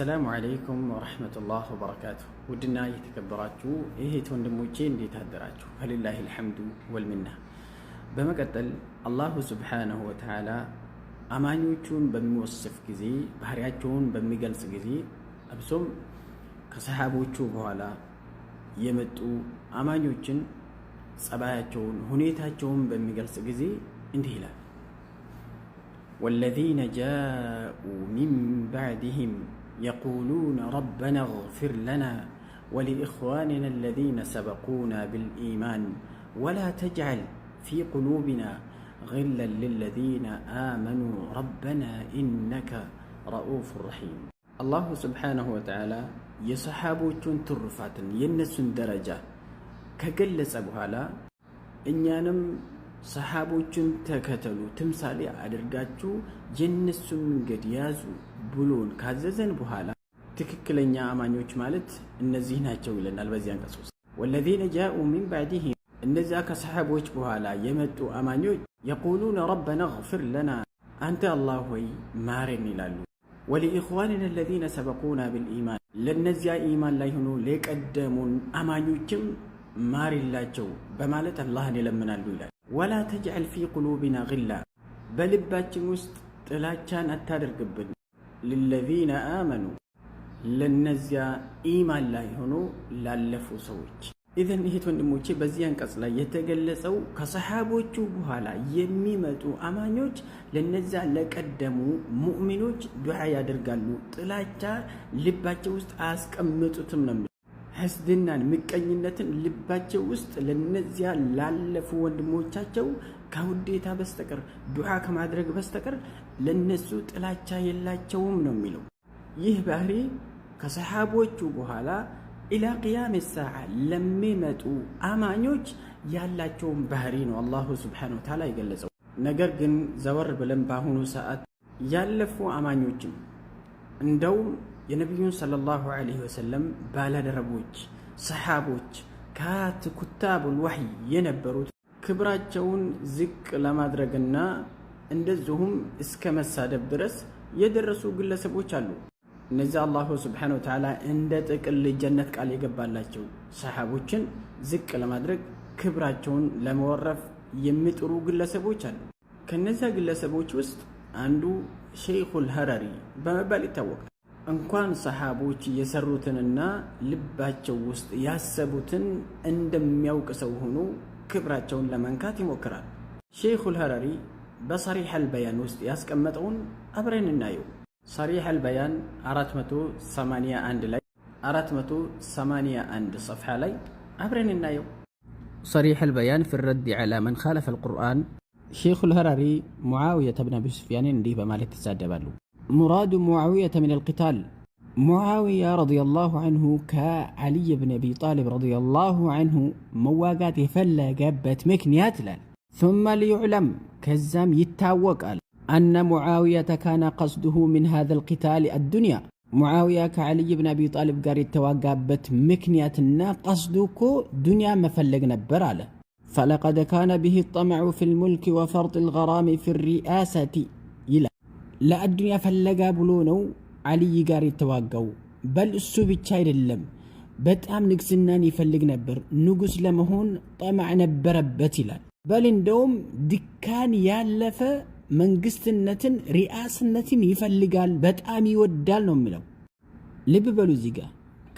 አሰላሙ አለይኩም ወረህመቱላህ ወበረካቱ። ውድና እየተከበራችሁ እህት ወንድሞቼ እንዴት አደራችሁ? ፈሊላህ ልሐምዱ ወልሚና። በመቀጠል አላሁ ስብሓነሁ ወተዓላ አማኞቹን በሚወስፍ ጊዜ ባህሪያቸውን በሚገልጽ ጊዜ አብሶም ከሰሓቦቹ በኋላ የመጡ አማኞችን ጸባያቸውን፣ ሁኔታቸውን በሚገልጽ ጊዜ እንዲህ ይላል ወለዚነ ጃኡ ሚን ባዕድህም يقولون ربنا اغفر لنا ولاخواننا الذين سبقونا بالايمان ولا تجعل في قلوبنا غلا للذين امنوا ربنا انك رؤوف رحيم الله سبحانه وتعالى ስብሓንሁ ወተዓላ የሰሓቦቹን درجه የእነሱን ደረጃ ከገለጸ ان እኛንም ሰሓቦቹን ተከተሉ ትምሳሌ አድርጋችሁ የእነሱን መንገድ ያዙ ብሎን ካዘዘን በኋላ ትክክለኛ አማኞች ማለት እነዚህ ናቸው ይለናል። በዚህ አንቀጽ ውስጥ ወለዚነ ጃኡ ሚን ባዕድህም እነዚያ ከሰሓቦች በኋላ የመጡ አማኞች የቁሉነ ረበና እግፊር ለና አንተ አላህ ሆይ ማረን ይላሉ። ወሊኢኽዋንና ለዚነ ሰበቁና ብልኢማን ለእነዚያ ኢማን ላይ ሆኖ ለቀደሙን አማኞችም ማሪላቸው በማለት አላህን ይለምናሉ ይላል። ወላ ተጅዐል ፊ ቁሉቢና ግላ በልባችን ውስጥ ጥላቻን አታደርግብን። ልለዚነ አመኑ ለነዚያ ኢማን ላይ ሆኖ ላለፉ ሰዎች። ኢዘን እህት ወንድሞቼ በዚህ አንቀጽ ላይ የተገለጸው ከሰሓቦቹ በኋላ የሚመጡ አማኞች ለነዚያ ለቀደሙ ሙእሚኖች ዱዓ ያደርጋሉ፣ ጥላቻ ልባቸው ውስጥ አያስቀምጡትም ነው። ህስድናን፣ ምቀኝነትን ልባቸው ውስጥ ለነዚያ ላለፉ ወንድሞቻቸው ከውዴታ በስተቀር ዱዓ ከማድረግ በስተቀር ለነሱ ጥላቻ የላቸውም ነው የሚለው። ይህ ባህሪ ከሰሓቦቹ በኋላ ኢላ ቅያም ሰዓ ለሚመጡ አማኞች ያላቸውን ባህሪ ነው አላሁ ስብሓነ ወተዓላ የገለጸው። ነገር ግን ዘወር ብለን በአሁኑ ሰዓት ያለፉ አማኞችም እንደውም የነቢዩን ሰለላሁ ዐለይሂ ወሰለም ባላደረቦች ሰሓቦች ካት ኩታቡል ወሕይ የነበሩት ክብራቸውን ዝቅ ለማድረግና እንደዚሁም እስከ መሳደብ ድረስ የደረሱ ግለሰቦች አሉ። እነዚህ አላሁ ስብሓነ ወተዓላ እንደ ጥቅል ጀነት ቃል የገባላቸው ሰሓቦችን ዝቅ ለማድረግ ክብራቸውን ለመወረፍ የሚጥሩ ግለሰቦች አሉ። ከነዚያ ግለሰቦች ውስጥ አንዱ ሸይኹል ሀረሪ በመባል ይታወቃል። እንኳን ሰሓቦች የሰሩትንና ልባቸው ውስጥ ያሰቡትን እንደሚያውቅ ሰው ሆኖ ክብራቸውን ለመንካት ይሞክራል። ሼኹል ሀረሪ በሰሪሕ አልበያን ውስጥ ያስቀመጠውን አብረን እናየው። ሰሪሕ አልበያን 481 ላይ 481 ሰፍሓ ላይ አብረን እናየው። ሰሪሕ አልበያን ፊ ረድ ዐላ መን ኻለፈ አልቁርአን ሼኹል ሀረሪ ሙዓውየተ ብን አቢ ሱፍያንን እንዲህ በማለት ይሳደባሉ። مراد معاوية من القتال معاوية رضي الله عنه كعلي بن أبي طالب رضي الله عنه مواقات فلا قبت مكنيات لن ثم ليعلم كزام يتاوق أن معاوية كان قصده من هذا القتال الدنيا معاوية كعلي بن أبي طالب قال يتواقبت مكنياتنا قصدك دنيا مفلق فلق نبر فلقد كان به الطمع في الملك وفرط الغرام في الرئاسة ለአዱንያ ፈለጋ ብሎ ነው አልይ ጋር የተዋጋው። በል እሱ ብቻ አይደለም፣ በጣም ንግስናን ይፈልግ ነበር። ንጉስ ለመሆን ጠማዕ ነበረበት ይላል። በል እንደውም ድካን ያለፈ መንግስትነትን፣ ሪአስነትን ይፈልጋል፣ በጣም ይወዳል ነው የሚለው። ልብ በሉ እዚህ ጋር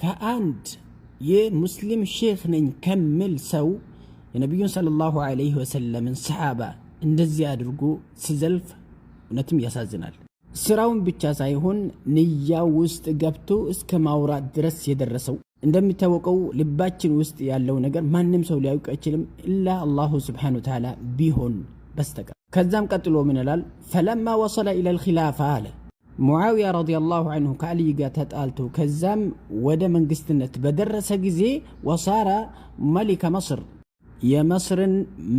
ከአንድ የሙስሊም ሼክ ነኝ ከሚል ሰው የነቢዩን ሰለላሁ ዐለይሂ ወሰለምን ሰሓባ እንደዚህ አድርጎ ሲዘልፍ እውነትም ያሳዝናል። ስራውን ብቻ ሳይሆን ንያ ውስጥ ገብቶ እስከ ማውራት ድረስ የደረሰው እንደሚታወቀው ልባችን ውስጥ ያለው ነገር ማንም ሰው ሊያውቅ አይችልም ኢላ አላሁ ስብሓነ ወተዓላ ቢሆን በስተቀር። ከዛም ቀጥሎ ምን ይላል? ፈለማ ወሰለ ኢላ ልኪላፋ አለ ሙዓዊያ ረዲየላሁ አንሁ ከአልይ ጋር ተጣልቶ ከዛም ወደ መንግስትነት በደረሰ ጊዜ ወሳራ መሊከ መስር የመስርን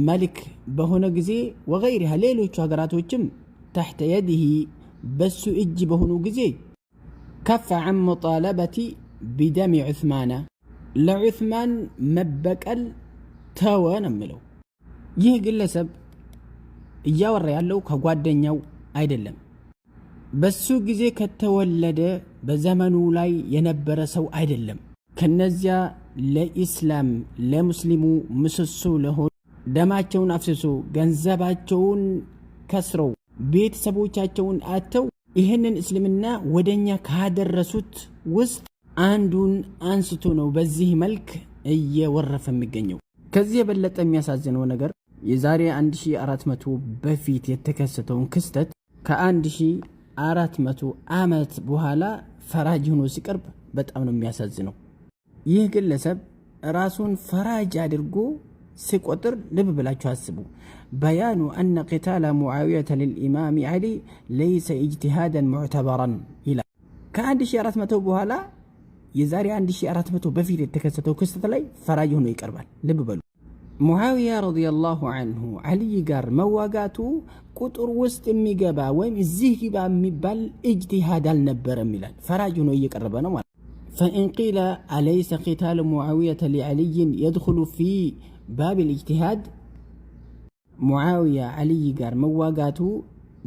መልክ በሆነ ጊዜ ወገይሪሃ ሌሎቹ ሀገራቶችም ተሕተ የድሂ በሱ እጅ በሆኑ ጊዜ ከፈ ዐን ሙጣለበቲ ቢደሚ ዑስማነ ለዑስማን መበቀል ተወ ነው የሚለው። ይህ ግለሰብ እያወራ ያለው ከጓደኛው አይደለም። በሱ ጊዜ ከተወለደ በዘመኑ ላይ የነበረ ሰው አይደለም። ከነዚያ ለኢስላም ለሙስሊሙ ምሰሶ ለሆኑ ደማቸውን አፍስሶ ገንዘባቸውን ከስረው ቤተሰቦቻቸውን አጥተው ይህንን እስልምና ወደኛ ካደረሱት ውስጥ አንዱን አንስቶ ነው በዚህ መልክ እየወረፈ የሚገኘው። ከዚህ የበለጠ የሚያሳዝነው ነገር የዛሬ 1400 በፊት የተከሰተውን ክስተት ከ1400 ዓመት በኋላ ፈራጅ ሆኖ ሲቀርብ በጣም ነው የሚያሳዝነው። ይህ ግለሰብ ራሱን ፈራጅ አድርጎ ሲቆጥር ልብ ብላችሁ አስቡ። በያኑ አነ ቂታለ ሙዓዊየተ ልልኢማም ዓሊ ለይሰ ኢጅቲሃደን ሙዕተበረን ይላል። ከ1400 በኋላ የዛሬ 1400 በፊት የተከሰተው ክስተት ላይ ፈራጅ ሆኖ ይቀርባል። ልብ በሉ ሙዓዊያ ረዲየላሁ አንሁ ዓሊይ ጋር መዋጋቱ ቁጥር ውስጥ የሚገባ ወይም እዚህ ግባ የሚባል እጅቲሃድ አልነበረም ይላል። ፈራጅ ሆኖ እየቀረበ ነው ማለት ፈኢን አለይሰ ቂታሉ ሙዓዊየተ ሊዓሊይን የድኹሉ ፊ ባቢል ኢጅቲሃድ ሙዓውያ አልይ ጋር መዋጋቱ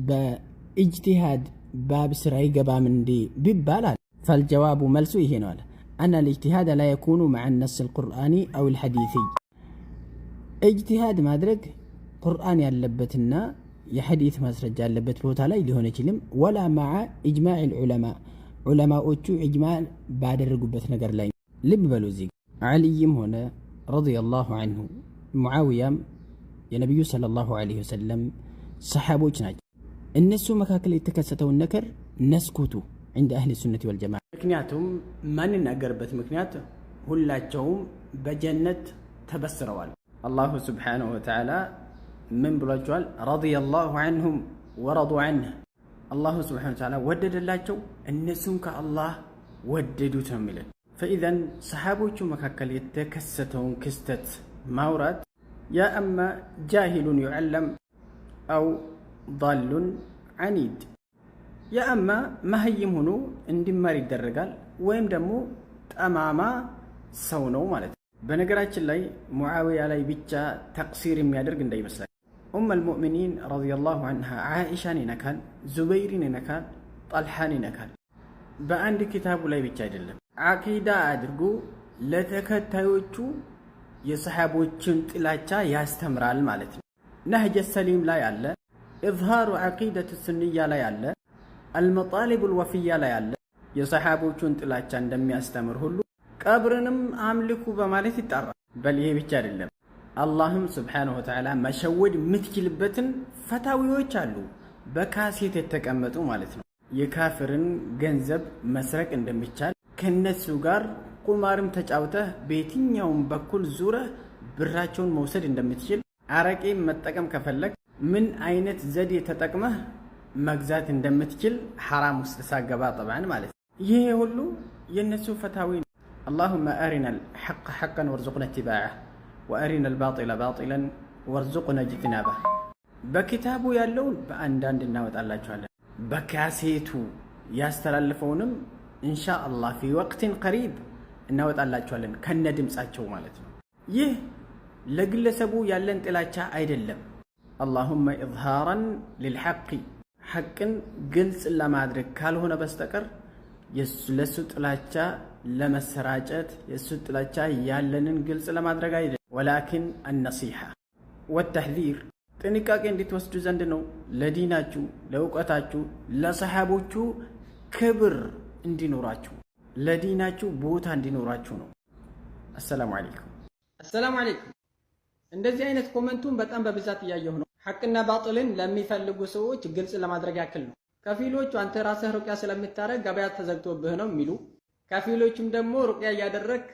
በኢጅቲሃድ ባብ ስራ ይገባም እንዴ ቢባል አለ ፈልጀዋቡ መልሱ ይሄ ነው አለ አና ልእጅቲሃድ ላ የኩኑ መዓ ነስ ልቁርአኒ አው ልሐዲትይ ኢጅቲሃድ ማድረግ ቁርአን ያለበትና የሐዲት ማስረጃ ያለበት ቦታ ላይ ሊሆን አይችልም። ወላ መዓ ኢጅማዕ ልዑለማ ዑለማዎቹ ኢጅማዕ ባደረጉበት ነገር ላይ ልብ በሉ እዚህ አልይም ሆነ ረዲየላሁ አንሁ። ሙዓውያም የነቢዩ ሰለላሁ ዐለይሂ ወሰለም ሰሓቦች ናቸው። እነሱ መካከል የተከሰተውን ነገር ነስኩቱ እንደ አህል ሱነት ወልጀማ ምክንያቱም ማንናገርበት ምክንያት ሁላቸውም በጀነት ተበስረዋል። አላሁ ስብሓነሁ ወተዓላ ምን ብሏቸዋል? ረዲየላሁ አንሁም ወረዱ አንህ አላሁ ስብሓነሁ ወተዓላ ወደደላቸው፣ እነሱም ከአላህ ወደዱት ነው የሚለን ፈኢዘን ሰሓቦቹ መካከል የተከሰተውን ክስተት ማውራት ያ አማ ጃሂሉን ዩዕለም አው ዳሉን ዓኒድ ያ አማ መሀይም ሆኖ እንዲማር ይደረጋል ወይም ደግሞ ጠማማ ሰው ነው ማለት ነው። በነገራችን ላይ ሙዓዊያ ላይ ብቻ ተቅሲር የሚያደርግ እንዳይመስላል። ኡም አልሙእሚኒን ረዲየላሁ አንሃ ዓኢሻን ይነካል፣ ዙበይርን ይነካል፣ ጣልሓን ይነካል። በአንድ ኪታቡ ላይ ብቻ አይደለም አቂዳ አድርጎ ለተከታዮቹ የሰሓቦችን ጥላቻ ያስተምራል ማለት ነው። ነህጀ ሰሊም ላይ አለ፣ ኢዝሃሩ አቂደት ስንያ ላይ አለ፣ አልመጣሊብ ልወፍያ ላይ አለ። የሰሓቦቹን ጥላቻ እንደሚያስተምር ሁሉ ቀብርንም አምልኩ በማለት ይጠራል። በል ይሄ ብቻ አይደለም። አላህም ስብሓነሁ ወተዓላ መሸወድ የምትችልበትን ፈታዊዎች አሉ፣ በካሴት የተቀመጡ ማለት ነው። የካፍርን ገንዘብ መስረቅ እንደሚቻል ከነሱ ጋር ቁማርም ተጫውተህ በየትኛውም በኩል ዙረህ ብራቸውን መውሰድ እንደምትችል፣ አረቄ መጠቀም ከፈለግ ምን አይነት ዘዴ ተጠቅመህ መግዛት እንደምትችል ሐራም ውስጥ ሳገባ ጠብዓን ማለት ነው። ይሄ ሁሉ የእነሱ ፈታዊ ነው። አላሁመ አሪና ልሐቅ ሐቀን ወርዙቅነ ትባዐ ወአሪና ልባጢላ ባጢለን ወርዙቅነ ጅትናባ። በኪታቡ ያለውን በአንዳንድ እናወጣላቸዋለን። በካሴቱ ያስተላልፈውንም ኢንሻአላህ ፊ ወቅትን ቀሪብ እናወጣላቸዋለን ከነ ድምፃቸው ማለት ነው። ይህ ለግለሰቡ ያለን ጥላቻ አይደለም። አላሁመ ኢዝሃራን ልልሐቂ ሐቅን ግልጽ ለማድረግ ካልሆነ በስተቀር ለሱ ጥላቻ ለመሰራጨት የሱ ጥላቻ ያለንን ግልጽ ለማድረግ አይደለም። ወላኪን አነሲሓ ወተሕዚር ጥንቃቄ እንድትወስዱ ዘንድ ነው። ለዲናችሁ፣ ለእውቀታችሁ፣ ለሰሓቦቹ ክብር እንዲኖራችሁ ለዲናችሁ ቦታ እንዲኖራችሁ ነው። አሰላሙ አለይኩም አሰላሙ አለይኩም። እንደዚህ አይነት ኮመንቱን በጣም በብዛት እያየሁ ነው። ሐቅና ባጥልን ለሚፈልጉ ሰዎች ግልጽ ለማድረግ ያክል ነው። ከፊሎቹ አንተ ራስህ ሩቅያ ስለምታደርግ ገበያ ተዘግቶብህ ነው የሚሉ፣ ከፊሎቹም ደግሞ ሩቅያ እያደረግ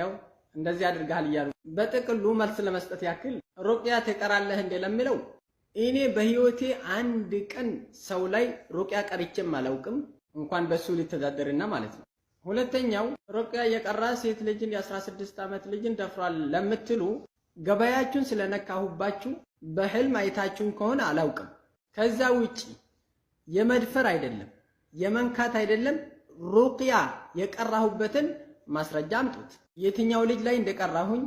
ያው እንደዚህ አድርገሃል እያሉ፣ በጥቅሉ መልስ ለመስጠት ያክል ሩቅያ ትቀራለህ እንዴ ለሚለው እኔ በህይወቴ አንድ ቀን ሰው ላይ ሩቅያ ቀርቼም አላውቅም። እንኳን በሱ ሊተዳደርና ማለት ነው። ሁለተኛው ሩቅያ የቀራ ሴት ልጅን የ16 ዓመት ልጅን ደፍሯል ለምትሉ ገበያችሁን ስለነካሁባችሁ በህልም አይታችሁን ከሆነ አላውቅም። ከዛ ውጪ የመድፈር አይደለም የመንካት አይደለም። ሩቅያ የቀራሁበትን ማስረጃ አምጡት። የትኛው ልጅ ላይ እንደቀራሁኝ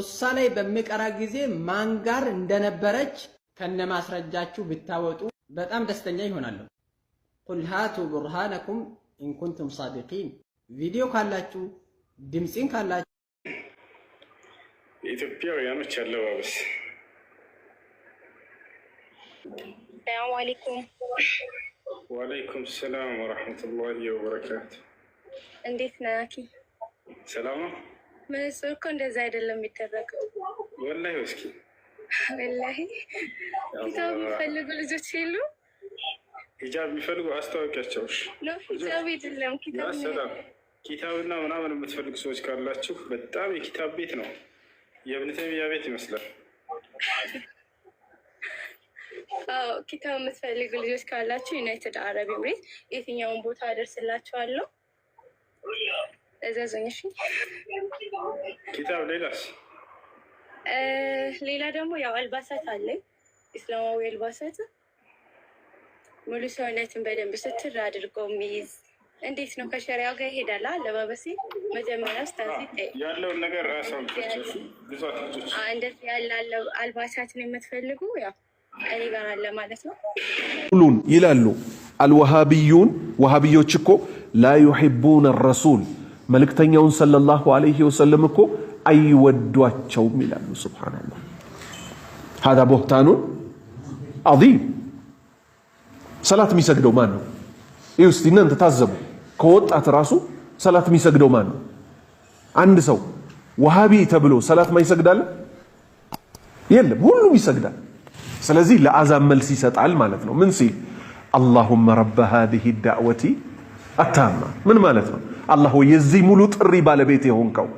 እሷ ላይ በሚቀራ ጊዜ ማን ጋር እንደነበረች ከነ ማስረጃችሁ ብታወጡ በጣም ደስተኛ ይሆናለሁ። ቁል ሃቱ ቡርሃነኩም ኢንኩንቱም ሳዲቂን ቪዲዮ ካላችሁ ድምፂን ካላችሁ የኢትዮጵያውያኖች አለባበስ ሰላሙ አሌይኩም ወአለይኩም ሰላም ወረሕመቱላሂ ወበረካቱ። እንዴት ነህ ሰላም ነው። ምን እሱ እኮ እንደዛ አይደለም የሚደረገው። ወላሂ እስኪ ወላሂ ኪታብ የሚፈልጉ ልጆች የሉ ሂጃብ የሚፈልጉ አስታወቂያቸው ሰላም ኪታብና ምናምን የምትፈልጉ ሰዎች ካላችሁ በጣም የኪታብ ቤት ነው። የእብን ተይሚያ ቤት ይመስላል። አዎ ኪታብ የምትፈልጉ ልጆች ካላችሁ ዩናይትድ አረብ ኤምሬት የትኛውን ቦታ አደርስላችኋለሁ። እዘዙኝ። እሺ ኪታብ ሌላስ? ሌላ ደግሞ ያው አልባሳት አለኝ፣ ኢስላማዊ አልባሳት ሙሉ ሰውነትን በደንብ ስትር አድርጎ የሚይዝ እንዴት ነው? ከሸሪያው ጋር ይሄዳል አለባበሴ። መጀመሪያ ስታዚ ያለውን ነገር እንደዚህ ያለ አልባሳትን የምትፈልጉ ያው እኔ ጋር አለ ማለት ነው። ሁሉን ይላሉ አልዋሃቢዩን። ዋሃቢዮች እኮ ላ ዩሒቡን ረሱል መልእክተኛውን ሰለላሁ አለይሂ ወሰለም እኮ አይወዷቸውም ይላሉ። ስብሓናላህ ሀዛ ቦህታኑን አዚም ሰላት የሚሰግደው ማን ነው? ይህ ውስጥ እናንተ ታዘቡ። ከወጣት ራሱ ሰላት የሚሰግደው ማን ነው? አንድ ሰው ወሃቢ ተብሎ ሰላት ማይሰግዳል የለም፣ ሁሉም ይሰግዳል። ስለዚህ ለአዛን መልስ ይሰጣል ማለት ነው። ምን ሲል አላሁመ ረበ ሃዚህ ዳዕወቲ አታማ። ምን ማለት ነው? አላህ ወይ የዚህ ሙሉ ጥሪ ባለቤት የሆንከው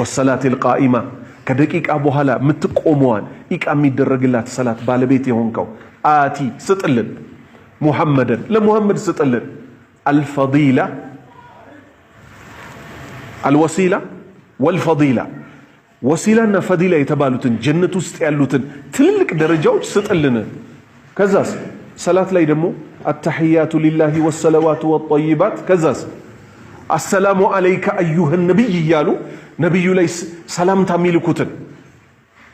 ወሰላት ልቃኢማ ከደቂቃ በኋላ የምትቆመዋን ኢቃ የሚደረግላት ሰላት ባለቤት የሆንከው አቲ ስጥልን ሙሐመድን ለሙሐመድ ስጥልን። አልፈዲላ አልወሲላ ወልፈዲላ ወሲላና ፈዲላ የተባሉትን ጀነት ውስጥ ያሉትን ትልልቅ ደረጃዎች ስጥልን። ከዛስ ሰላት ላይ ደግሞ አተሕያቱ ሊላሂ ወሰለዋቱ ወጠይባት። ከዛስ አሰላሙ አለይከ አዩህ ነቢይ እያሉ ነቢዩ ላይ ሰላምታ የሚልኩትን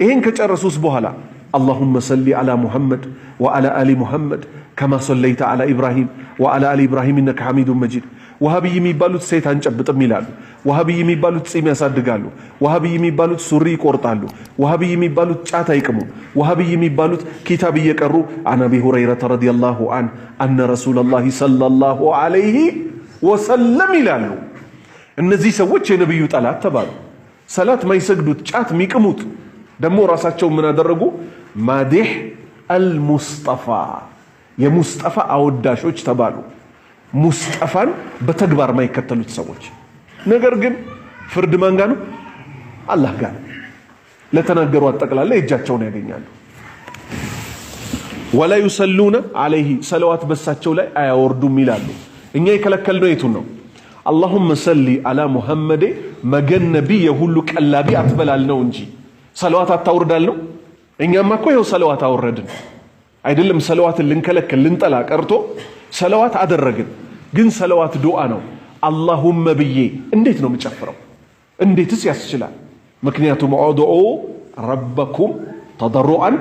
ይህን ከጨረሱስ በኋላ አላሁመ ሰሊ ዓላ ሙሐመድ ወዓላ አሊ ሙሐመድ ከማ ሰለይተ ዓላ ኢብራሂም ወዓላ አሊ ኢብራሂም ኢነከ ሐሚዱን መጂድ። ወሃብይ የሚባሉት ሴት አንጨብጥም ይላሉ። ወሃብይ የሚባሉት ጺም ያሳድጋሉ። ወሃብይ የሚባሉት ሱሪ ይቆርጣሉ። ወሃብይ የሚባሉት ጫት አይቅሙም። ወሃብይ የሚባሉት ኪታብ እየቀሩ አን አቢ ሁረይረተ ረዲየላሁ አንሁ አነ ረሱለላሂ ሰለላሁ ዐለይሂ ወሰለም ይላሉ። እነዚህ ሰዎች የነቢዩ ጠላት ተባሉ። ሰላት ማይሰግዱት ጫት የሚቅሙት ደግሞ ራሳቸው ምን አደረጉ? ማዲህ አልሙስጠፋ የሙስጠፋ አወዳሾች ተባሉ። ሙስጠፋን በተግባር ማይከተሉት ሰዎች ነገር ግን ፍርድ ማን ጋ ነው? አላህ ጋ ነው። ለተናገሩ አጠቅላላ እጃቸውን ያገኛሉ። ወላ ዩሰሉነ አለይህ ሰለዋት በሳቸው ላይ አያወርዱም ይላሉ። እኛ የከለከልነው የቱን ነው? አላሁመ ሰሊ አላ ሙሐመዴ መገን ነቢ የሁሉ ቀላቢ አትበላል ነው እንጂ ሰለዋት አታውርዳል ነው እኛማ እኮ ይኸው ሰለዋት አወረድን አይደለም ሰለዋትን ልንከለከል ልንጠላ ቀርቶ ሰለዋት አደረግን። ግን ሰለዋት ዱዓ ነው። አላሁመ ብዬ እንዴት ነው የምጨፍረው? እንዴትስ ያስችላል? ምክንያቱም ኦድዑ ረበኩም ተደሩአን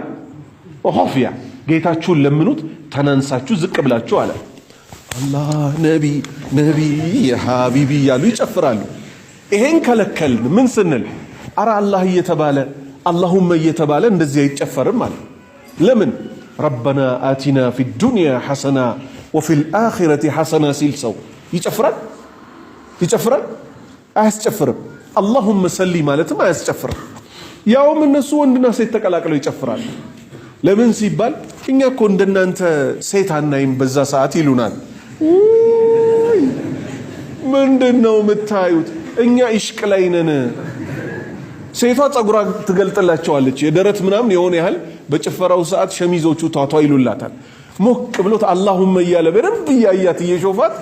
ሆፍያ ጌታችሁን ለምኑት ተናንሳችሁ ዝቅ ብላችሁ አለ። አላህ ነቢ ነቢ ሀቢቢ እያሉ ይጨፍራሉ። ይሄን ከለከልን ምን ስንል አረ አላህ እየተባለ አላሁመ እየተባለ እንደዚህ አይጨፈርም ማለት ለምን? ረበና አቲና ፊ ዱንያ ሐሰና ወፊል አኺረቲ ሐሰና ሲል ሰው ይጨፍራል ይጨፍራል? አያስጨፍርም። አላሁመ ሰሊ ማለትም አያስጨፍርም። ያውም እነሱ ወንድና ሴት ተቀላቅለው ይጨፍራል። ለምን ሲባል እኛ እኮ እንደናንተ ሴት አናይም በዛ ሰዓት ይሉናል። ምንድን ነው የምታዩት? እኛ ኢሽቅ ላይ ነን ሴቷ ጸጉራ ትገልጥላቸዋለች። የደረት ምናምን የሆነ ያህል በጭፈራው ሰዓት ሸሚዞቹ ታቷ ይሉላታል። ሞቅ ብሎት አላሁመ እያለ በደንብ እያያት እየሾፋት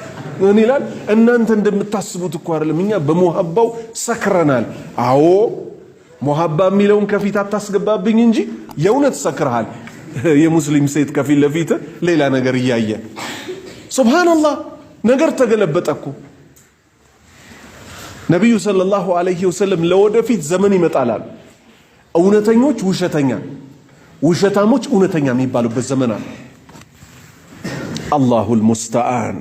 ምን ይላል? እናንተ እንደምታስቡት እኮ አይደለም፣ እኛ በሞሀባው ሰክረናል። አዎ ሞሀባ የሚለውን ከፊት አታስገባብኝ እንጂ የእውነት ሰክረሃል። የሙስሊም ሴት ከፊት ለፊት ሌላ ነገር እያየ ሱብሃነላህ፣ ነገር ተገለበጠ እኮ ነቢዩ ሰለላሁ ዐለይሂ ወሰለም ለወደፊት ዘመን ይመጣላል፣ እውነተኞች ውሸተኛ፣ ውሸታሞች እውነተኛ የሚባሉበት ዘመን አለ። አላሁል ሙስተዓን